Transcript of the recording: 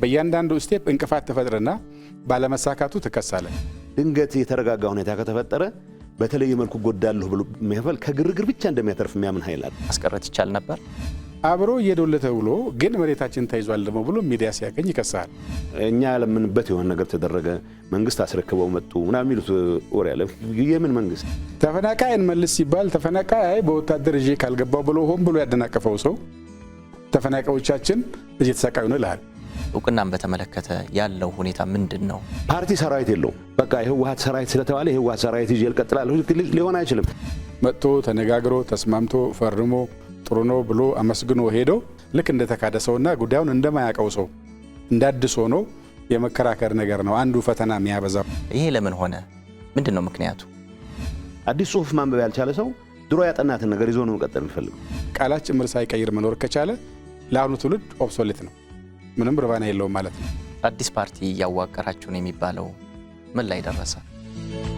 በእያንዳንዱ ስቴፕ እንቅፋት ተፈጥረና ባለመሳካቱ ትከሳለ። ድንገት የተረጋጋ ሁኔታ ከተፈጠረ በተለየ መልኩ ጎዳለሁ ብሎ የሚፈል ከግርግር ብቻ እንደሚያተርፍ የሚያምን ኃይል አለ። ማስቀረት ይቻል ነበር አብሮ እየዶለ ተብሎ ግን መሬታችን ተይዟል ደሞ ብሎ ሚዲያ ሲያገኝ ይከሳል። እኛ ያለምንበት የሆነ ነገር ተደረገ፣ መንግስት አስረክበው መጡ ምናምን የሚሉት ወሬ ያለ የምን መንግስት? ተፈናቃይ እንመልስ ሲባል ተፈናቃይ በወታደር ይዤ ካልገባው ብሎ ሆን ብሎ ያደናቀፈው ሰው ተፈናቃዮቻችን እየተሰቃዩ ነው ይልሃል። እውቅናን በተመለከተ ያለው ሁኔታ ምንድን ነው? ፓርቲ ሰራዊት የለው በቃ የህወሀት ሰራዊት ስለተባለ የህወሀት ሰራዊት ይዤ እቀጥላለሁ ሊሆን አይችልም። መጥቶ ተነጋግሮ ተስማምቶ ፈርሞ ጥሩ ነው ብሎ አመስግኖ ሄዶ ልክ እንደተካደ ሰውና ጉዳዩን እንደማያውቀው ሰው እንዳድሶ ነው የመከራከር ነገር ነው አንዱ ፈተና የሚያበዛው። ይሄ ለምን ሆነ? ምንድን ነው ምክንያቱ? አዲስ ጽሁፍ ማንበብ ያልቻለ ሰው ድሮ ያጠናትን ነገር ይዞ ነው መቀጠል የሚፈልገው። ቃላት ጭምር ሳይቀይር መኖር ከቻለ ለአሁኑ ትውልድ ኦብሶሌት ነው። ምንም ርባና የለውም ማለት ነው። አዲስ ፓርቲ እያዋቀራችሁ ነው የሚባለው ምን ላይ ደረሰ?